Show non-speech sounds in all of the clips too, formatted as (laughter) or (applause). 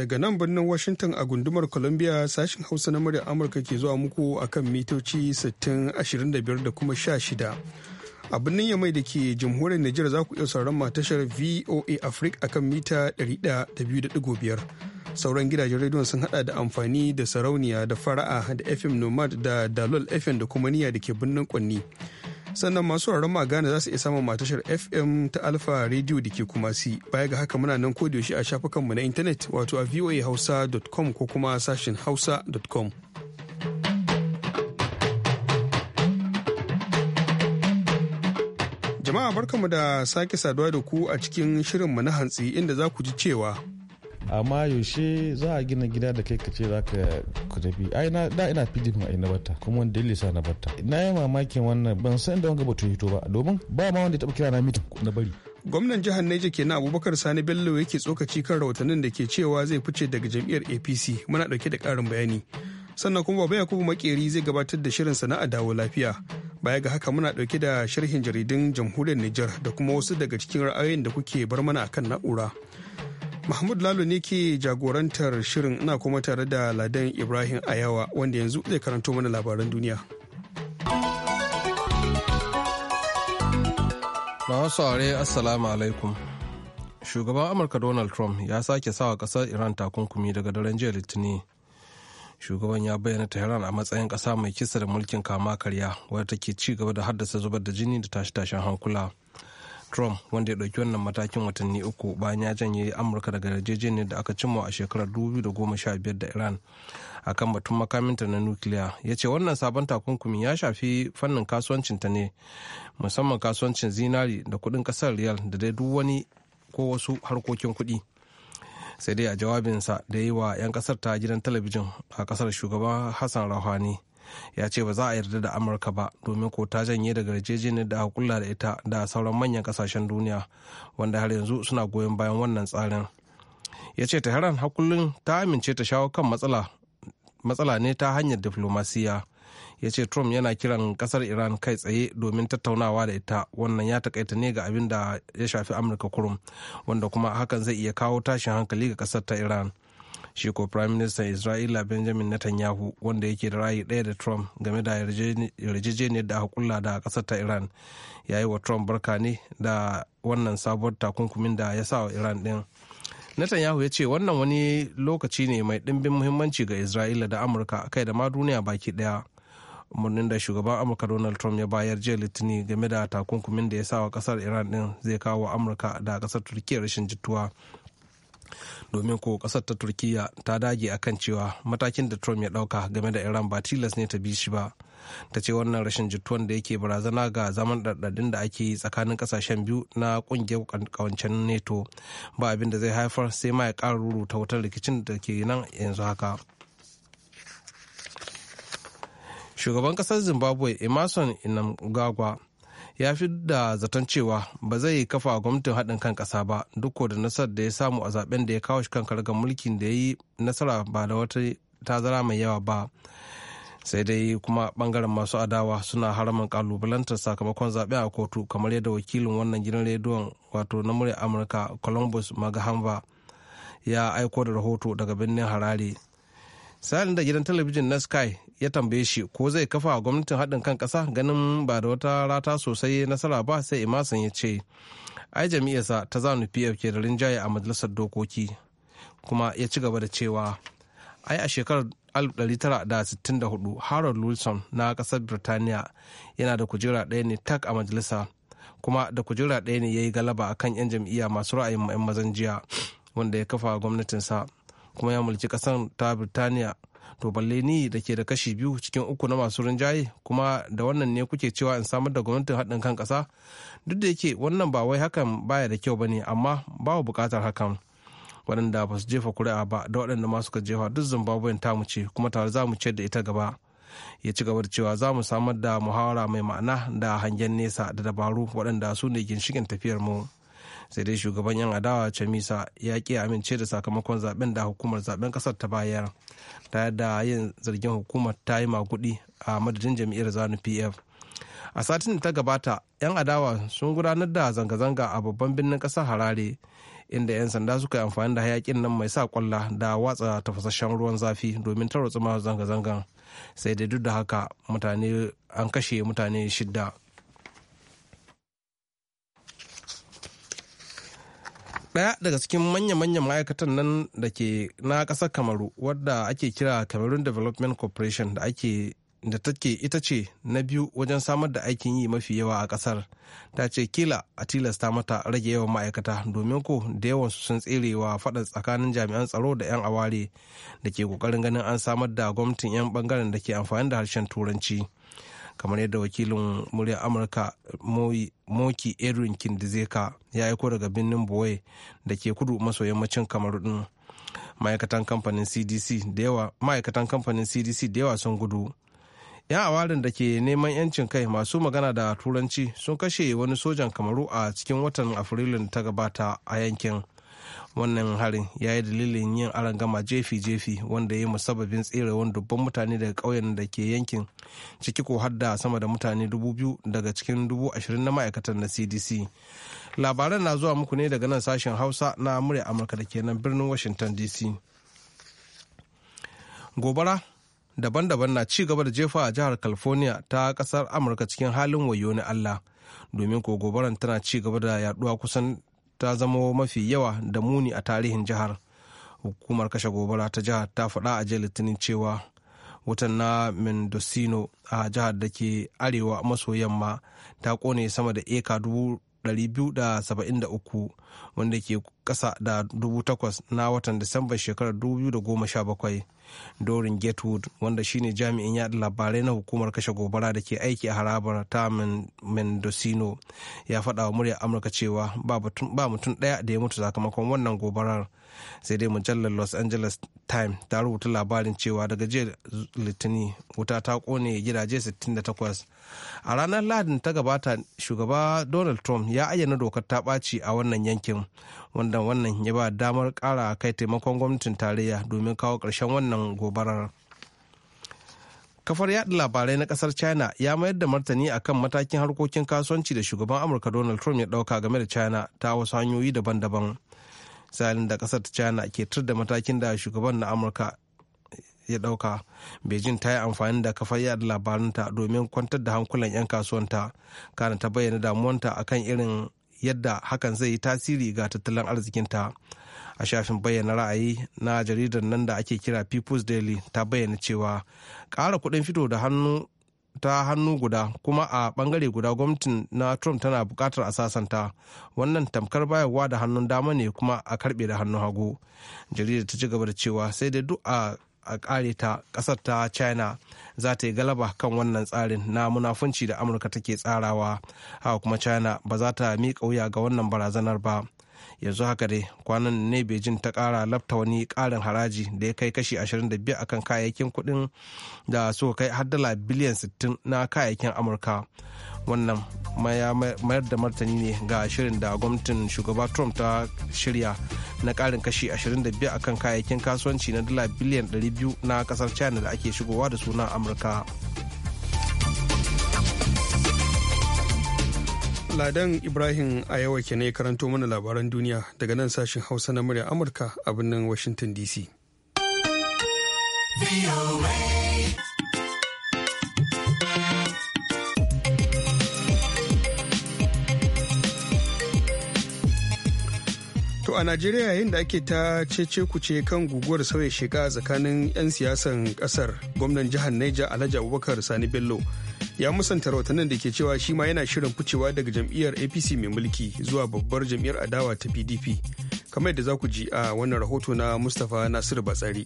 daga nan birnin Washington a gundumar Columbia sashin Hausa na muryar Amurka ke zuwa muku akan mitoci 60, 25 da kuma 16. a birnin yamai da ke jamhuriyar Nijar za ku iya sauran tashar VOA Africa akan mita 102.5. Sauran gidajen rediyon sun hada da amfani da sarauniya da fara'a da FM Nomad da Dalol FM da kuma niya da ke birnin Kwanni. sannan masu sauraron magana za su iya samun matashar fm ta alfa radio da ke kuma si baya ga haka muna nan yaushe a shafukanmu na intanet wato a voahausa.com ko kuma sashin hausa.com jama'a barkamu da sake saduwa da ku a cikin shirin mu na hantsi inda za ku ji cewa amma yaushe za a gina gida da kai ka ce za ka tafi ai na da ina pdp ma ina batta kuma wanda ya sa na batta na yi mamakin wannan ban san da wanga batu hito ba domin ba ma wanda ya taba kira na mitin na bari gwamnan jihar Neja kenan abubakar sani bello yake tsokaci kan rahotannin da ke cewa zai fice daga jam'iyyar apc muna dauke da karin bayani sannan kuma baba yakubu makeri zai gabatar da shirin sana'a dawo lafiya baya ga haka muna dauke da sharhin jaridun jamhuriyar niger da kuma wasu daga cikin ra'ayoyin da kuke bar mana akan na'ura Mahmud Lalo ne ke jagorantar shirin ina kuma tare da Ladan Ibrahim Ayawa wanda yanzu zai karanto mana labaran duniya. saurare Assalamu alaikum. Shugaban Amurka Donald Trump ya sake sawa ƙasar Iran takunkumi daga daren jiya Litinin. Shugaban ya bayyana Tehran a matsayin ƙasa mai kisa da mulkin kama karya wadda take ci gaba da haddasa zubar da jini da tashe-tashen hankula. trump wanda ya ɗauki wannan matakin watanni uku bayan ya janye amurka daga yarjejeniyar da aka cimma a shekarar 2015 da iran a kan batun makaminta na nukiliya ya ce wannan sabon takunkumi ya shafi fannin kasuwancinta ne musamman kasuwancin zinari da kuɗin kasar riyal da dai duk wani ko wasu harkokin kuɗi sai dai a jawabinsa da yi wa 'yan ƙasar ta gidan talabijin a kasar shugaban hassan rahani ya ce ba za a yarda da amurka ba domin ko ta janye daga yarjejeniyar da aka da ita da sauran manyan kasashen duniya wanda har yanzu suna goyon bayan wannan tsarin ya ce tehran har kullum ta amince ta shawo kan matsala matsala ne ta hanyar diflomasiya ya ce trump yana kiran kasar iran kai tsaye domin tattaunawa da ita wannan ya takaita ne ga abin da ya shafi amurka kurum wanda kuma hakan zai iya kawo tashin hankali ga kasar ta iran shi ko prime minister isra'ila benjamin netanyahu wanda yake da ra'ayi ɗaya da trump game da yarjejeniyar da aka kulla da ƙasar ta iran ya yi wa trump barka ne da wannan sabuwar takunkumin da ya sa wa iran ɗin netanyahu ya ce wannan wani lokaci ne mai ɗimbin muhimmanci ga isra'ila da amurka kai da ma duniya baki ɗaya umarnin da shugaban amurka donald trump ya bayar jiya litini game da takunkumin da ya sa wa kasar iran din zai kawo amurka da kasar turkiyya rashin jituwa domin ko kasar ta turkiya ta dage akan cewa matakin da trump ya dauka game da iran ba tilas ne ta bi shi ba ta ce wannan rashin jituwan da yake barazana ga zaman ɗarɗaɗin da ake yi tsakanin ƙasashen biyu na ƙungiyar ƙawancen neto ba abin da zai haifar sai ma ya ƙara ruruta wutar rikicin da ke nan yanzu haka shugaban ƙasar zimbabwe emerson inamgagwa ya fi da zaton cewa ba zai kafa gwamnatin haɗin kan ƙasa ba duk da nasarar da ya samu a zaben da ya kawo shi kan ga mulkin da ya yi nasara ba da wata tazara mai yawa ba sai dai kuma bangaren masu adawa suna haramun kalubalantar sakamakon zaɓe a kotu kamar yadda wakilin wannan gidan rediyon wato na murya amurka columbus magahamba ya aiko da rahoto daga birnin harare salin da gidan talabijin na sky ya tambaye shi ko zai kafa gwamnatin haɗin kan ƙasa ganin ba da wata rata sosai nasara ba sai imasan ya ce ai jam'iyyarsa ta zanu pf ke da rinjaye a majalisar dokoki kuma ya ci gaba da cewa ai a shekarar 1964 harold wilson na ƙasar birtaniya yana da kujera ɗaya ne tak a majalisa kuma da kujera ɗaya ne ya yi galaba a kan 'yan jam'iyya masu ra'ayin 'yan mazan jiya wanda ya kafa gwamnatinsa kuma ya mulki ƙasar ta birtaniya to balle ni da ke da kashi biyu cikin uku na masu rinjaye kuma da wannan ne kuke cewa in samar da gwamnatin haɗin kan ƙasa duk da yake wannan ba wai hakan baya da kyau ba ne amma babu buƙatar hakan waɗanda ba su jefa kuri'a ba da waɗanda ma suka jefa duk ta mu ce kuma tare za mu ciyar da ita gaba ya ci gaba da cewa za mu samar da muhawara mai ma'ana da hangen nesa da dabaru waɗanda su ne ginshikin tafiyar mu. sai dai shugaban yan adawa chamisa ya ki amince da sakamakon zaben da hukumar zaben kasar ta bayar ta yadda yin zargin hukumar ta yi maguɗi a madadin jam'iyyar zanu pf a satin da ta gabata yan adawa sun gudanar da zanga-zanga a babban birnin kasar harare inda 'yan sanda suka yi amfani da hayakin nan mai sa kwalla da watsa tafasasshen ruwan zafi domin tarwatsa masu zanga-zangan sai da duk da haka mutane an kashe mutane shidda ɗaya daga cikin manya-manyan ma'aikatan nan da ke na ƙasar kamaru wadda ake kira cameroon development corporation da ake da take ita ce na biyu wajen samar da aikin yi mafi yawa a ƙasar ta ce kila a tilasta mata rage yawan ma'aikata domin ko da yawan sun tserewa faɗa tsakanin jami'an tsaro da 'yan aware da ke ƙoƙarin ganin an samar da gwamnatin 'yan ɓangaren da ke amfani da harshen turanci kamar yadda wakilin muryar amurka moki edwin kindizeka ya aiko daga birnin boye da ke kudu maso yammacin kamar din ma'aikatan kamfanin cdc da yawa ma'aikatan kamfanin cdc da yawa sun gudu yan awarin da ke neman yancin kai masu magana da turanci sun kashe wani sojan kamaru a cikin watan afrilun ta gabata a yankin wannan harin ya yi dalilin yin gama jefi-jefi wanda ya yi musababin tserewar dubban mutane daga ƙauyen da ke yankin ciki ko hadda sama da mutane dubu biyu daga cikin dubu ashirin na ma'aikatan na cdc labaran na zuwa muku ne daga nan sashen hausa na murya amurka da ke nan birnin washington dc gobara daban-daban na ci gaba da jefa a jihar california ta kasar amurka cikin halin wayo na allah domin ko gobaran tana ci gaba da yaduwa kusan ta zama mafi yawa da muni a tarihin jihar hukumar kashe gobara ta jihar ta faɗa a jiya litinin cewa wutan na mendocino a jihar da ke arewa maso yamma ta kone sama da eka 273 wanda ke ƙasa da 8,000 na watan disamba shekarar 2017 dorin gatewood wanda shine jami'in yaɗa labarai na hukumar kashe gobara da ke aiki a harabar ta mendocino ya faɗa wa muryar amurka cewa ba mutum ɗaya da ya mutu sakamakon wannan gobarar sai dai mujallar los angeles time ta rubuta labarin cewa daga jiya litinin wuta ta kone gidaje 68 a ranar lahadin ta gabata shugaba donald trump ya ayyana dokar ta ɓaci a wannan yankin wanda wannan ya ba damar kara kai taimakon gwamnatin tarayya domin kawo karshen wannan gobarar kafar yaɗa labarai na ƙasar china ya mayar da martani akan matakin harkokin kasuwanci da shugaban amurka donald trump ya ɗauka game da china ta wasu hanyoyi daban-daban salin da kasar china ke tur da matakin da shugaban na amurka ya ɗauka beijing ta yi amfani da kafar yada labaranta domin kwantar da hankulan 'yan kasuwanta kana ta bayyana damuwanta akan irin yadda hakan zai yi tasiri ga tattalin arzikinta a shafin bayyana ra'ayi na jaridar nan da ake kira people's daily ta bayyana cewa ƙara kuɗin fito da hannu ta hannu guda kuma a ɓangare guda gwamnatin na trump tana bukatar a sasanta wannan tamkar bayarwa da hannun dama ne kuma a karbe da hannun hagu jaridar ta ci gaba da cewa sai dai duk a a kare ta kasar ta china za ta yi galaba kan wannan tsarin na munafunci da amurka take tsarawa haka kuma china ba za ta miƙa wuya ga wannan barazanar ba yanzu haka dai kwanan ne beijing ta kara lafta wani karin haraji da ya kai kashi 25 akan kayayyakin kuɗin da suka kai har dala biliyan 60 na kayayyakin amurka wannan mayar da martani ne ga shirin da gwamnatin shugaba trump ta shirya na karin kashi 25 akan kayayyakin kasuwanci na dala biliyan 200 na kasar china da ake shigowa da suna amurka ladan ibrahim a yawa ke ne karanto mana labaran duniya daga nan sashen hausa na murya amurka a birnin washington dc To a Najeriya yayin da ake ta cece kuce kan guguwar sauya sheka tsakanin 'yan siyasan kasar gwamnan jihar Niger Alhaji Abubakar Sani Bello ya musanta rahotannin da ke cewa shi ma yana shirin ficewa daga jam'iyyar APC mai mulki zuwa babbar jam'iyyar adawa ta PDP. Kamar yadda za ku ji a wannan rahoto na Mustapha Nasiru Batsari.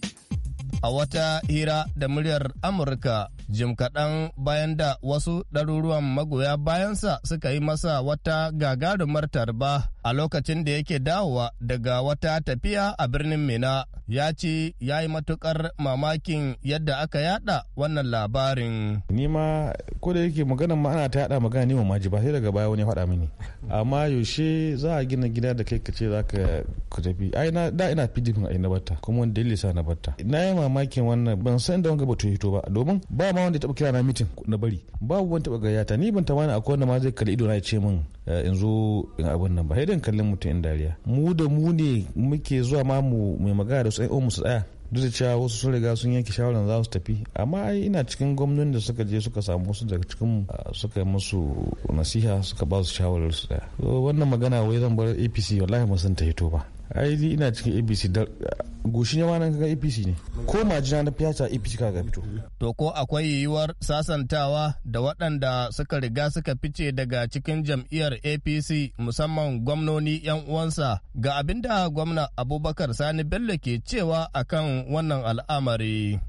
A wata hira da muryar Amurka jim kaɗan bayan da wasu ɗaruruwan magoya bayansa suka yi masa wata gagarumar tarba a lokacin da yake dawowa daga wata tafiya a birnin mina ya ce ya yi matukar mamakin yadda aka yada wannan labarin ni ma ko da yake maganan ma ana ta yada magana nima ma ba sai daga baya wani ya faɗa mini amma yaushe za a gina gida da kai ka ce za ka ku tafi ai na da ina pdp a na batta kuma wani dalilisa sa na batta na yi mamakin wannan ban san da wanga batu to ba domin ba ba wanda ya taɓa kira na mitin na bari babu wani taɓa gayyata ni ban tamani akwai wanda ma zai kalli ido na ya ce min eh, in zo in abin nan ba sai dan kallon mutum in dariya mu da mu ne muke zuwa ma mu mai magana da su ai mu su tsaya duk da cewa wasu sun riga sun yanke shawarar za su tafi amma ai ina cikin gwamnonin da suka je suka samu su daga cikin ah, suka yi musu nasiha suka ba su shawarar su tsaya wannan magana wai zan bar apc wallahi ba san ta hito ba ai ina cikin abc goshi ne ma nan kaga APC ne ko majina na fiyata APC kaga fito to ko akwai yiwuwar sasantawa da waɗanda suka riga suka fice daga cikin jam'iyyar APC musamman gwamnoni yan uwansa ga abinda gwamna Abubakar Sani Bello ke cewa akan wannan al'amari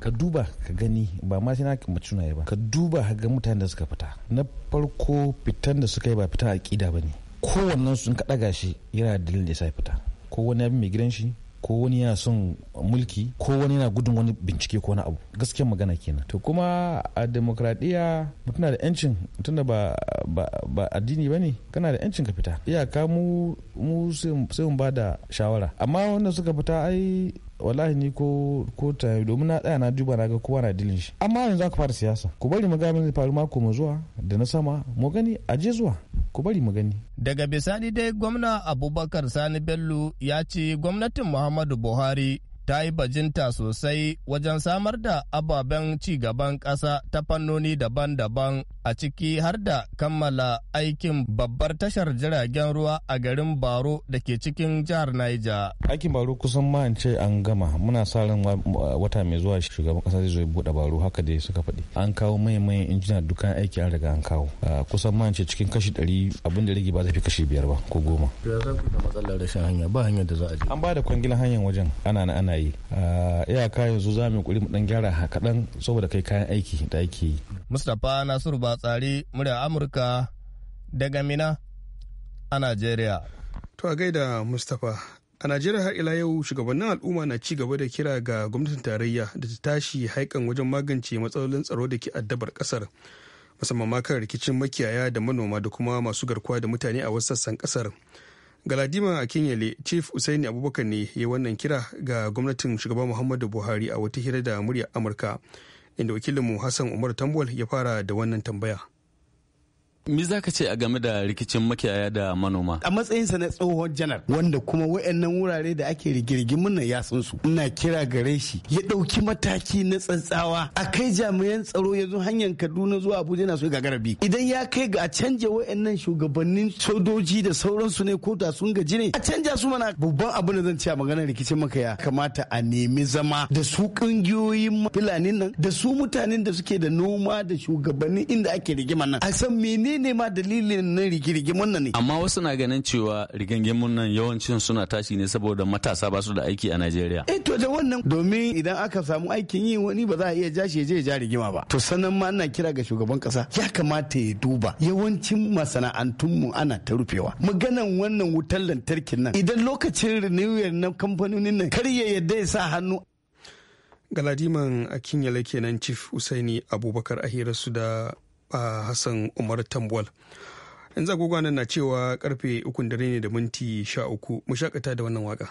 ka duba ka gani ba ma sai na mace sunaye ba ka duba ka ga mutanen da suka fita na farko fitan da suka yi ba fita aƙida ba ne kowannen sun ka gashi shi yana dalilin da ya sa fita ko wani abin mai gidan shi ko wani yana son mulki ko wani yana gudun wani bincike ko wani abu gaskiyar magana kenan to kuma a demokradiyya mutuna da yancin tunda ba ba addini bane kana da yancin ka fita iyaka mu mu sai mu ba da shawara amma wanda suka fita ai wallahi ni ko ko ta domin na tsaya na duba na ga kowa na dilin shi amma yanzu ku fara siyasa ku bari mu ga mun faru mako mu zuwa da na sama mu gani a je zuwa ku bari mu gani daga bisani dai gwamna abubakar sani bello ya ce gwamnatin muhammadu buhari ta yi bajinta sosai wajen samar da ababen ci gaban ƙasa ta fannoni daban-daban a ciki har da kammala aikin babbar tashar jiragen ruwa a garin Baro da ke cikin jihar Niger. Aikin Baro kusan ma ce an gama muna sa ran wata mai zuwa shugaban kasa zai zo buɗe Baro haka dai suka faɗi. An kawo mayan injina dukkan aiki an riga an kawo. Kusan ma ce cikin kashi ɗari abin da rage ba zai fi kashi biyar ba ko goma. Ya za ku da matsalar rashin hanya ba hanyar da za a je. An ba da kwangilan hanyar wajen ana na ana ana yi iyaka yanzu za mu kuri mu dan gyara kaɗan saboda kai kayan aiki da ake yi mustapha nasiru batsari murya amurka daga mina a nigeria. to a gaida mustapha a najeriya har ila yau shugabannin al'umma na ci gaba da kira ga gwamnatin tarayya da ta tashi haikan wajen magance matsalolin tsaro da ke addabar kasar musamman ma rikicin makiyaya da manoma da kuma masu garkuwa da mutane a wasu sassan kasar galadima a Kinyale, chief usaini abubakar ne ya wannan kira ga gwamnatin shugaba muhammadu buhari a wata hira da muryar amurka inda wakilinmu hassan umar tambol ya fara da wannan tambaya Mi za ka ce a game da rikicin makiyaya da manoma? A matsayinsa na tsohon janar wanda kuma wayannan wurare da ake rigirgimin nan ya san su. Ina kira gare shi ya ɗauki mataki na tsantsawa a kai jami'an tsaro ya hanyar Kaduna zuwa Abuja na so ga garabi. Idan ya kai ga a canja wayannan shugabannin sojoji da sauransu ne ko da sun gaji ne a canja su mana babban abin da zan ce a maganar rikicin makiyaya kamata a nemi zama da su ƙungiyoyin filanin nan da su mutanen da suke da noma da shugabannin inda ake rigiman nan. A san mene menene ma dalilin na rigirgin nan ne amma wasu na ganin cewa rigingimin nan yawancin suna tashi ne saboda matasa ba su da aiki a Najeriya eh to da wannan domin idan aka samu aikin yi wani ba za a iya ja shi je ja rigima ba to sanan ma ana kira ga shugaban kasa ya kamata ya duba yawancin masana'antun mu ana ta rufewa maganan wannan wutar lantarkin nan idan lokacin renewal na kamfanonin nan kar ya yadda ya sa hannu galadiman akinyala kenan chief usaini abubakar a hirarsu da A hassan umar tambwal yanzu agogo nan na cewa karfe ukun dare ne da minti sha uku mu shakata da wannan waka.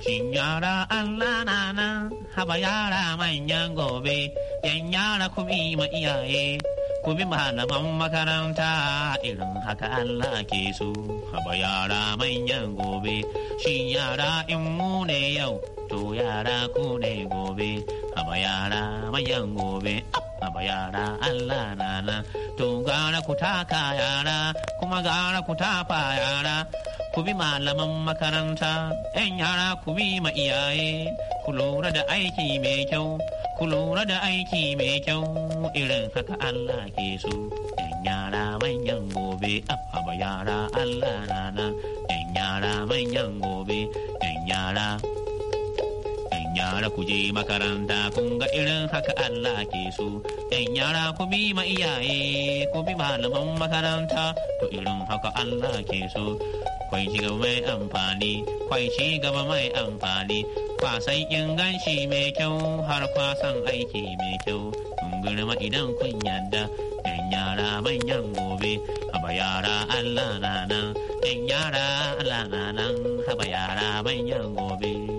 Shin yara Allah na nan haba yara manyan gobe, yan yara ku ma iyaye, ku bi malaman makaranta irin haka Allah ke so, haba yara manyan gobe, shin yara in mu ne yau. to yara ko ne gobe aba yara mayan gobe aba yara Allah nana to gara ku taka yara kuma gara ku tafa yara ku bi malaman makaranta 'yan yara ku bi ma iyaye ku lura da aiki mai kyau ku lura da aiki mai kyau irin haka Allah ke so 'yan yara manyan gobe aba yara Allah nana 'yan yara manyan gobe 'yan yara yara ku je makaranta kun ga irin haka Allah ke so. ‘Yan yara ku bi ma iyaye ku bi malaman makaranta to irin haka Allah ke so. Kwai ci gaba mai amfani, kwai ci gaba mai amfani, kwasan inganci mai kyau har kwasan aiki mai kyau. Kun girma idan kun yadda, ɗan yara manyan gobe, haba yara Allah na nan, ɗan yara Allah na nan, haba yara manyan gobe.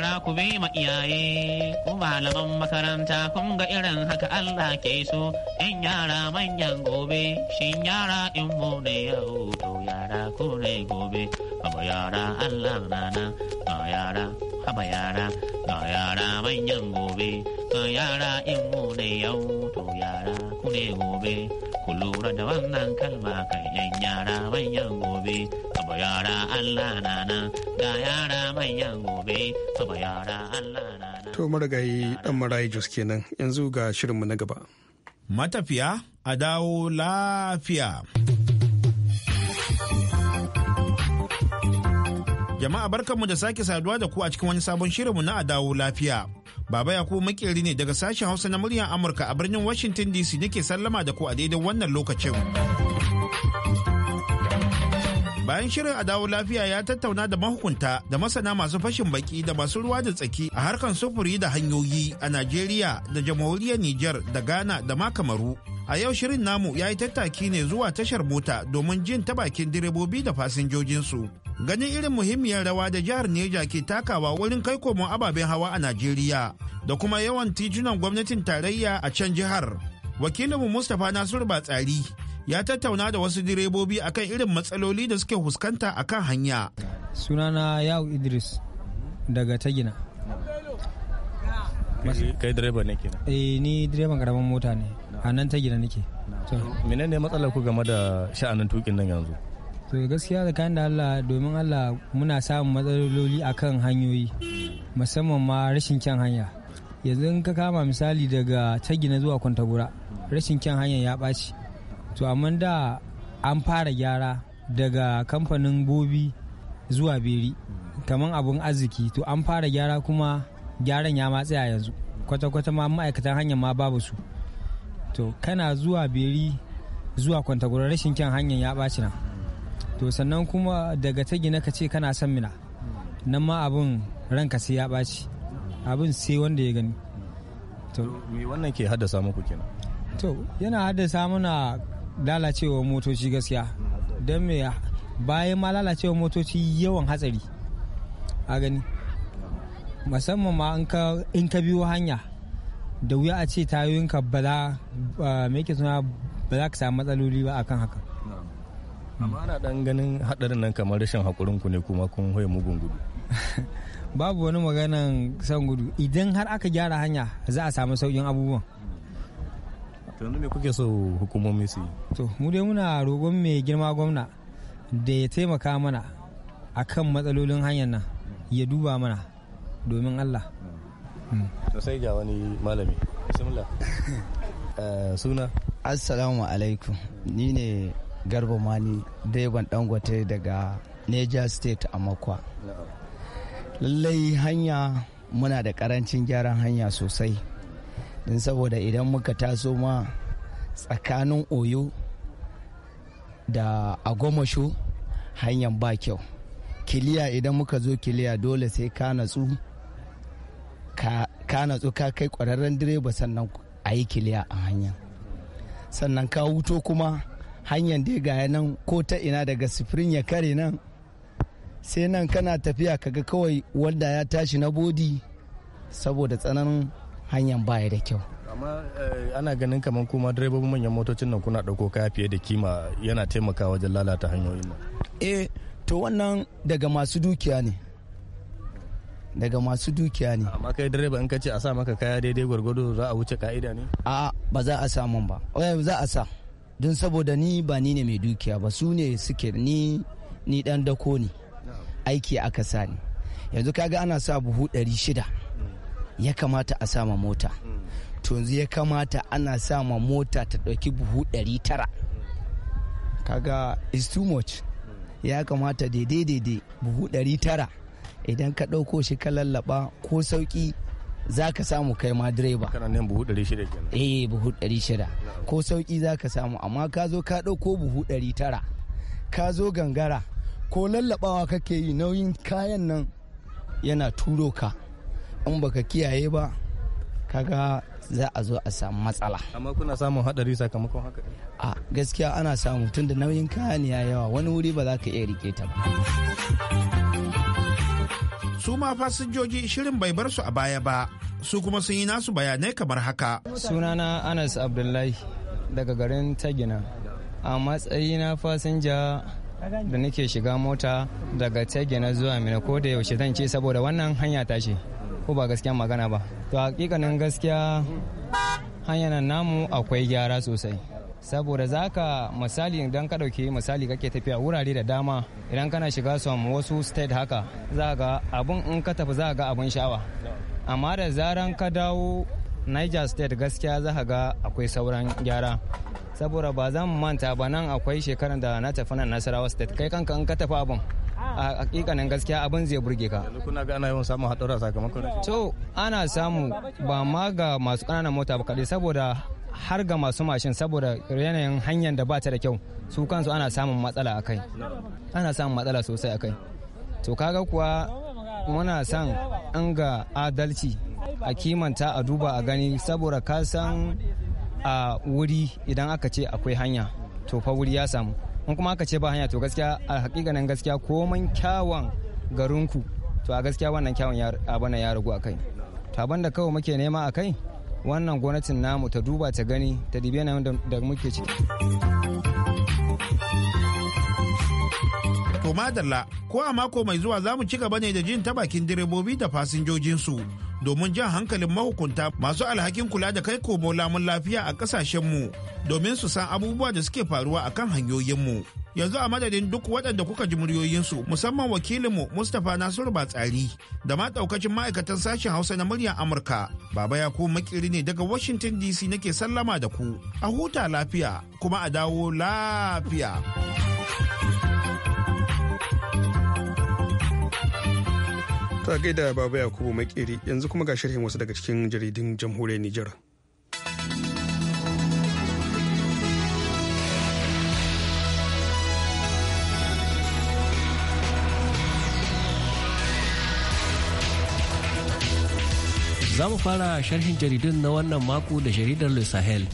yara ku bi ma iyaye ku malaman makaranta kun ga irin haka Allah ke so in yara manyan gobe shin yara in mu ne yau to yara ku ne gobe haba yara Allah rana ga yara haba yara ga yara manyan gobe ga yara in mu ne yau to yara ku ne gobe ku lura da wannan kalma kai yan yara manyan gobe haba yara Allah rana ga yara manyan gobe To marigayi dan marayi Jos kenan yanzu ga shirinmu na gaba. Matafiya a dawo lafiya. Jama'a barkanmu da sake saduwa da ku a cikin wani sabon shirinmu na a dawo lafiya. Baba ya ku makeri ne daga sashen Hausa na muryar Amurka a birnin Washington DC nake sallama da ku a daidai wannan lokacin. bayan shirin a dawo lafiya ya tattauna da mahukunta da masana masu fashin baki da masu ruwa da tsaki a harkar sufuri da hanyoyi a najeriya da jamhuriyar niger da ghana da ma kamaru a yau shirin namu ya yi tattaki ne zuwa tashar mota domin jin ta bakin direbobi da fasinjojinsu ganin irin muhimmiyar rawa da jihar neja ke takawa wurin kai komo ababen hawa a najeriya da kuma yawan titunan gwamnatin tarayya a can jihar wakilinmu mustapha nasiru batsari ya tattauna da wasu direbobi akan irin matsaloli da suke fuskanta akan hanya. Sunana Yau Idris daga Tagina. Kai direba ne ke Eh ni direban karamin mota ne. A nan Tagina nake. ne matsalar ku game da sha'anin tukin nan yanzu? To gaskiya da kayan da Allah domin Allah muna samun matsaloli akan hanyoyi musamman ma rashin kyan hanya. Yanzu ka kama misali daga Tagina zuwa Kwantagura rashin kyan hanya ya ɓaci. to amma da an fara gyara daga kamfanin bobi zuwa beri kamar abun arziki to an fara gyara kuma gyaran ya matsa tsaya yanzu kwata-kwata ma ma'aikatan hanyar ma babu su to kana zuwa beri zuwa kwantagura rashin kyan hanyar ya ɓaci nan to sannan kuma daga ta gina ka ce kana son mina nan ma abun ranka sai ya ɓaci abin sai wanda ya gani to me wannan ke haddasa muku kenan to yana haddasa mana lalacewa motoci gaskiya don me bayan ma lalacewa motoci yawan hatsari a gani musamman ma in ka biyo hanya da wuya a ce tayoyinka ba za me ke suna ba za ka samu matsaloli ba akan haka amma ana dan ganin hadarin nan kamar rashin hakurin ku ne kuma kun hoye mugun gudu (laughs) babu wani maganan son gudu idan har aka gyara hanya za a samu sauƙin abubuwan to yanzu me kuke so hukumomi su yi to mu dai muna rogon mai girma gwamna da ya taimaka mana a kan matsalolin hanyar nan ya duba mana domin Allah hmm. to sai ga wani malami bismillah (laughs) eh, suna assalamu alaikum ni ne garba mani daiban dangote daga niger state a makwa lallai hanya muna da karancin gyaran hanya sosai don saboda idan muka taso ma tsakanin oyo da agomasho hanyar ba kyau kiliya idan muka zo kiliya dole sai ka natsu ka natsu ka kai kwararren direba sannan a yi kiliya a hanya sannan ka wuto kuma hanyar da gaya nan ko ta ina daga sifirin ya kare nan sai nan kana tafiya kaga kawai wanda ya tashi na bodi saboda tsananin hanyar baya da kyau amma eh, ana ganin kamar kuma direbobin manyan motocin nan kuna ɗauko kaya fiye da kima yana taimakawa wajen lalata hanyoyin nan eh to wannan daga masu dukiya ne daga masu dukiya ne amma kai direba in ka ce a sa maka kaya daidai gwargwado za a wuce ka'ida ne a ba za a sa mun ba eh, za a sa don saboda ni ba ni ne mai dukiya ba su ne suke ni ni dan dako ne aiki aka sa ni yanzu kaga ana sa buhu 600 ya kamata a sama mota to yanzu ya kamata ana sama mota ta ɗauki buhu 900 kaga is too much ya kamata daidai daidai buhu 900 idan ka ɗauko shi ka lallaba ko sauki za ka samu kai ma direba kana buhu 600 eh buhu 600 ko sauki za ka samu amma ka zo ka ɗauko buhu 900 ka zo gangara ko lallabawa kake yi nauyin kayan nan yana turo ka in baka kiyaye ba kaga za a zo a samu matsala amma kuna samun hadari sakamakon haka a gaskiya ana samu da nauyin kaya ya yawa wani wuri ba za ka iya rike ta ba su ma fasinjoji shirin bai bar su a baya ba su kuma sun yi nasu bayanai kamar haka sunana anas abdullahi daga garin tagina a matsayi na fasinja da nake shiga mota daga tagina zuwa mina ko da yaushe zan ce saboda wannan hanya ta ce ko ba gaskiya magana ba to hakikanin gaskiya hanyar namu akwai gyara sosai saboda za ka misali idan ka ɗauki misali kake tafiya wurare da dama idan kana shiga son wasu state haka za ga abun in ka tafi za ga abun sha'awa amma da zaran ka dawo niger state gaskiya za ga akwai sauran gyara saboda ba zan manta ba nan akwai shekarar da na tafi nan nasarawa state kai kanka in ka tafi abun a hakikanin gaskiya abin zai burge ka kuna ga ana yawan samun haɗura sakamakon to ana samu ba ma ga masu ƙananan mota ba kaɗai saboda har ga masu mashin saboda yanayin hanyar da ba ta da kyau su kansu ana samun matsala akai ana samun matsala sosai akai to kaga kuwa muna son an ga adalci a kimanta a duba a gani saboda ka san a wuri idan aka ce akwai hanya to fa wuri ya samu in kuma aka ce ba hanya to gaskiya a hakikanin gaskiya komai kyawun garinku to a gaskiya wannan kyawun abana ya ragu a kai to abin da kawai muke nema a kai wannan gwamnatin namu ta duba ta gani ta dibe da muke ciki To madalla, ko a mako mai zuwa za mu ci gaba ne da jin ta bakin direbobi da fasinjojinsu domin jan hankalin mahukunta masu alhakin kula da kai komo lamun lafiya a kasashenmu domin su san abubuwa da suke faruwa a kan hanyoyinmu. Yanzu a madadin duk waɗanda kuka ji muryoyinsu musamman wakilinmu Mustapha Nasiru Batsari da ma ɗaukacin ma'aikatan sashen Hausa na muryar Amurka. Baba ya ku makiri ne daga Washington DC nake sallama da ku. A huta lafiya kuma a dawo lafiya. ta a gaida Baba Yakubu Makeri yanzu kuma ga shirhin wasu daga cikin jaridun jamhuriyar Nijar. Za mu fara sharhin jaridun na wannan mako da jaridar Le Sahel,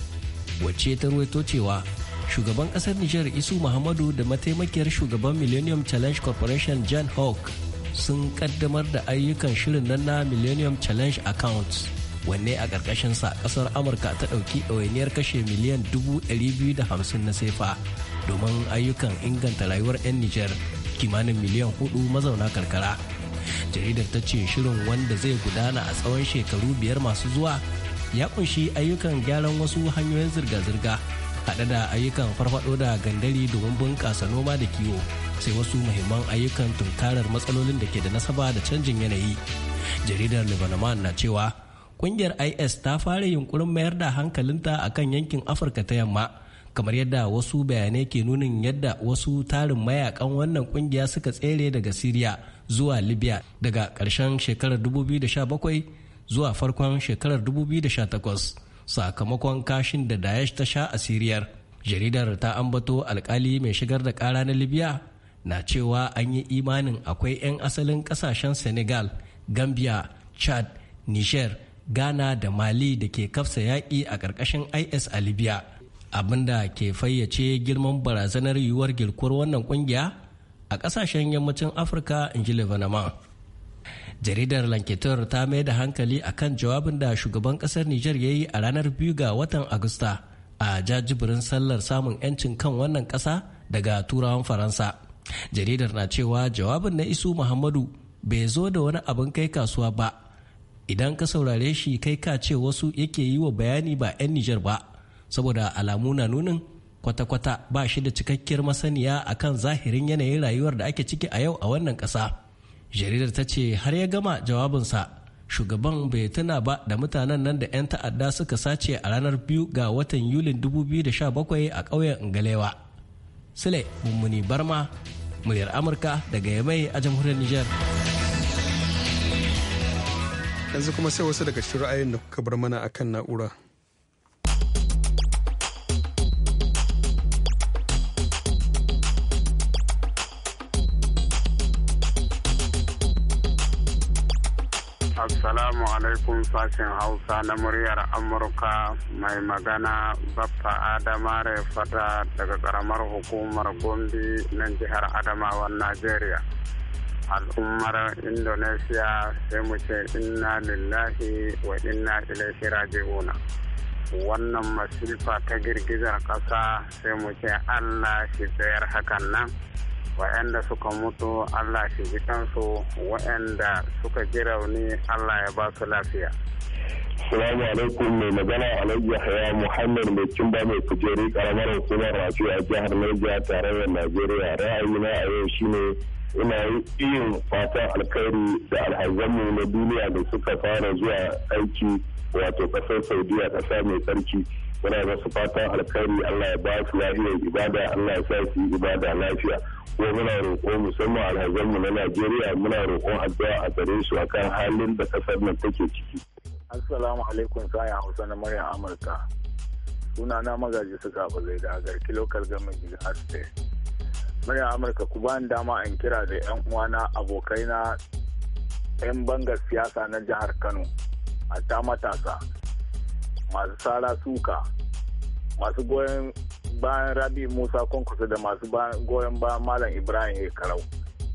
wacce ta ruwaito cewa shugaban kasar Nijar Isu Muhammadu da mataimakiyar shugaban Millennium Challenge Corporation Jan hawke sun kaddamar da ayyukan shirin nan na millennium challenge accounts wanne a ƙarƙashin sa ƙasar amurka ta ɗauki ɗawainiyar kashe miliyan 250 na sefa domin ayyukan inganta rayuwar 'yan nijar kimanin miliyan 4 mazauna karkara jaridar ta ce shirin wanda zai gudana a tsawon shekaru biyar masu zuwa ya kunshi ayyukan gyaran wasu hanyoyin zirga-zirga haɗe da ayyukan farfaɗo da gandari domin bunƙasa noma da kiwo sai wasu muhimman ayyukan tunkarar matsalolin da ke da nasaba da canjin yanayi jaridar lebanon na cewa kungiyar is ta fara yunkurin mayar da hankalinta a kan yankin afirka ta yamma kamar yadda wasu bayanai ke nunin yadda wasu tarin mayakan wannan kungiya suka tsere daga siriya zuwa libya daga karshen shekarar 2017 zuwa farkon shekarar 2018 sakamakon kashin da daesh ta sha a siriyar jaridar ta ambato alkali mai shigar da kara na libya na cewa an yi imanin akwai 'yan asalin kasashen senegal gambia chad niger ghana da mali da ke kafsa yaƙi a ƙarƙashin is a libya abinda ke fayyace girman barazanar yiwuwar girkuwar wannan ƙungiya a ƙasashen yammacin afirka in ji jaridar lanketer ta mai da hankali a kan jawabin da shugaban ƙasar niger ya yi a ranar biyu ga watan agusta a jajibirin sallar samun 'yancin kan wannan ƙasa daga turawan faransa jaridar na cewa jawabin na isu muhammadu bai zo da wani abin kai kasuwa ba idan ka saurare shi kai ka ce wasu yake yi wa bayani ba 'yan nijar ba saboda alamu na nunin kwata-kwata ba shi da cikakkiyar masaniya akan zahirin yanayin rayuwar da ake ciki a yau a wannan ƙasa jaridar ta ce har ya gama jawabinsa shugaban bai tuna ba da mutanen nan da 'yan ta'adda suka sace a ranar biyu ga watan yulin 2017 a ƙauyen ingalewa Sule Mummuni Barma, muryar Amurka daga Yamai a jamhuriyar Nijar. Yanzu kuma sai wasu daga cikin ra'ayin da kuka bar mana akan na'ura. Assalamu alaikum sashen Hausa na muryar Amurka mai magana Baffa Adama Fata daga karamar hukumar Gombe nan jihar Adamawa Najeriya. Al'ummar Indonesia sai mu ce inna lillahi wa inna ilaihi raji'una. Wannan masifa ta girgizar ƙasa sai mu ce Allah shi tsayar hakan nan. waɗanda suka mutu allah shi ji kansu waɗanda suka ji rauni allah ya ba su lafiya Salamu alaikum mai magana Alayya Haya Muhammad mai kimba mai kujeri karamar hukumar rafi a jihar Niger da Najeriya ra'ayi na a yau shine ina yin fatan alkhairi da alhazanmu na duniya da suka fara zuwa aiki wato kasar Saudiya kasa mai tsarki muna masu fatan alkhairi Allah ya ba su lafiyar ibada Allah ya sa su ibada lafiya ko muna roƙo musamman mu na Najeriya muna roƙon addu'a a gare su akan halin da ƙasar nan take ciki. Assalamu alaikum sai Hausa na murya Amurka. Suna na magaji suka ba zai da garki lokal gamin jihar State. Murya Amurka ku bani dama in kira da 'yan uwana abokaina 'yan bangar siyasa na jihar Kano a ta matasa. masu sara suka masu goyon bayan rabi musa konkusa da masu goyon bayan malam ibrahim karau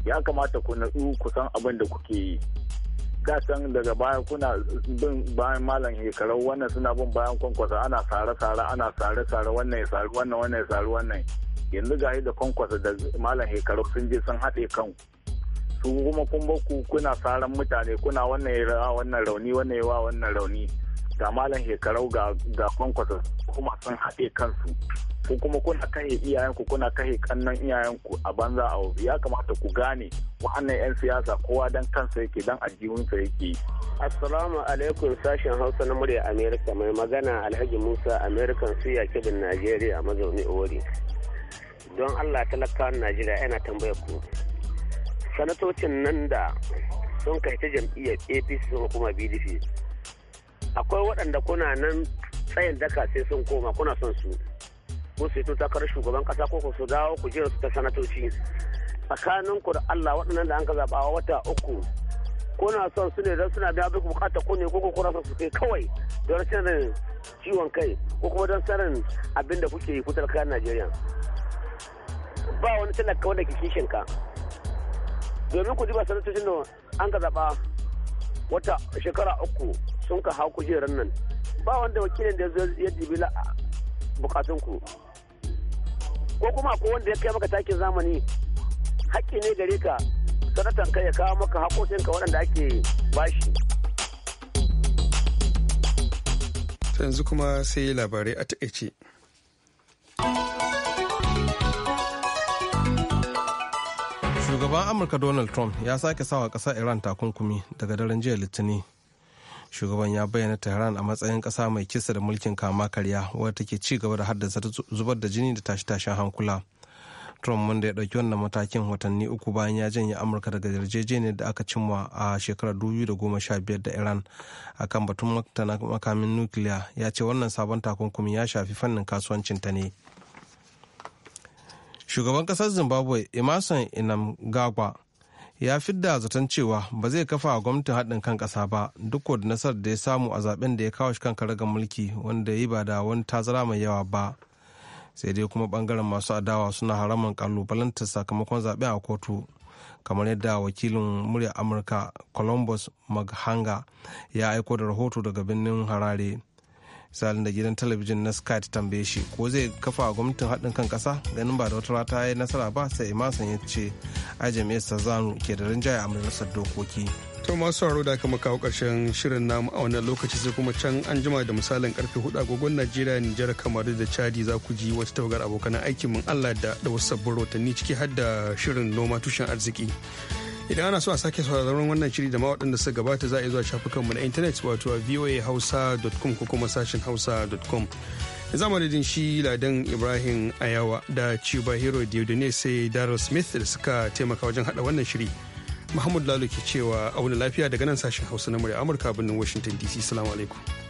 ya kamata ku natsu kusan abin da kuke yi gasan daga baya kuna bin bayan malam hekarau wannan suna bin bayan kwankwasa ana sare-sare ana sare-sare wannan ya sari wannan wannan ya sari wannan yanzu ga da kwankwasa da malam hekarau sun je sun haɗe kan su kuma kun ku kuna saran mutane kuna wannan ya wannan rauni wannan ya wa wannan rauni ga malam hekarau ga kwankwata kuma sun haɗe kansu ko kuma kuna kahe iyayenku kuna kahe kannan iyayenku a banza a ya kamata ku gane wannan 'yan siyasa kowa dan kansa yake dan ajiyunsa yake assalamu alaikum sashen hausa na murya america mai magana alhaji musa american suya kebin najeriya mazauni ori don allah talakawan nigeria yana tambaya ku sanatocin nan da sun kai ta jam'iyyar apc kuma bdp akwai waɗanda kuna nan tsayin daka sai sun koma kuna son su ko su takarar shugaban kasa ko su dawo ku jira su ta sanatoci tsakanin ku da Allah waɗannan da an ka zaɓawa wata uku kuna son su ne don suna da duk bukata ku ne ko ku kura son su kai kawai don sanin ciwon kai ko kuma don sanin abin da kuke yi kutar kayan Najeriya ba wani talaka wanda ke kishin ka domin ku ji ba sanatocin da an ka zaɓa wata shekara uku sun ka hau kujerar nan ba wanda wakilin da ya dibi bukatunku ko kuma ko wanda ya kai maka takin zamani haƙƙi ne gare ka sanatan kai ya kawo maka ka waɗanda ake bashi yanzu kuma sai labarai a taƙaice shugaban amurka donald trump ya sake sawa ƙasar iran takunkumi daga daren jiya litinin shugaban ya bayyana tehran a matsayin kasa mai kisa da mulkin kama karya wadda take ci gaba da haddasa zubar da jini da tashe-tashen hankula trump wanda ya ɗauki wannan matakin watanni uku bayan ya janye amurka daga yarjejeniyar da aka cimma a shekarar 2015 da iran akan batun makamin nukiliya ya ce wannan sabon takunkumi ya shafi fannin kasuwancin ta ne shugaban kasar zimbabwe emerson inamgagwa ya fidda zaton cewa ba zai kafa wa gwamnatin haɗin kan ƙasa ba duk da nasarar da ya samu a zaben da ya kawo shi kan karagar mulki wanda ya yi ba da wani tazara mai yawa ba sai dai kuma bangaren masu adawa suna haraman ƙalubalantar sakamakon zaɓe a kotu kamar yadda wakilin muryar amurka columbus maghanga ya aiko da rahoto daga birnin harare salin da gidan talabijin na sky ta tambaye shi ko zai kafa gwamnatin haɗin kan kasa ganin ba da wata rata ya nasara ba sai imasan ya ce a jami'ar zanu ke da rinjaye a majalisar dokoki to masu sauraro da aka kawo ƙarshen shirin namu a wannan lokaci sai kuma can an jima da misalin karfe hudu agogon najeriya nijar kamaru da chadi za ku ji wata tawagar abokan aikin mun allah da wasu sabbin rotanni ciki har da shirin noma tushen arziki idan ana so a sake sauraron wannan shiri da waɗanda suka gabata za a yi zuwa shafukanmu na intanet wato a voahausa.com ko kuma sashen hausa.com za mu jin shi ladan ibrahim ayawa da cuba hero diodone sai daryl smith da suka taimaka wajen haɗa wannan shiri muhammadu lalo ke cewa auna lafiya daga nan sashen hausa na murya amurka birnin washington dc salamu alaikum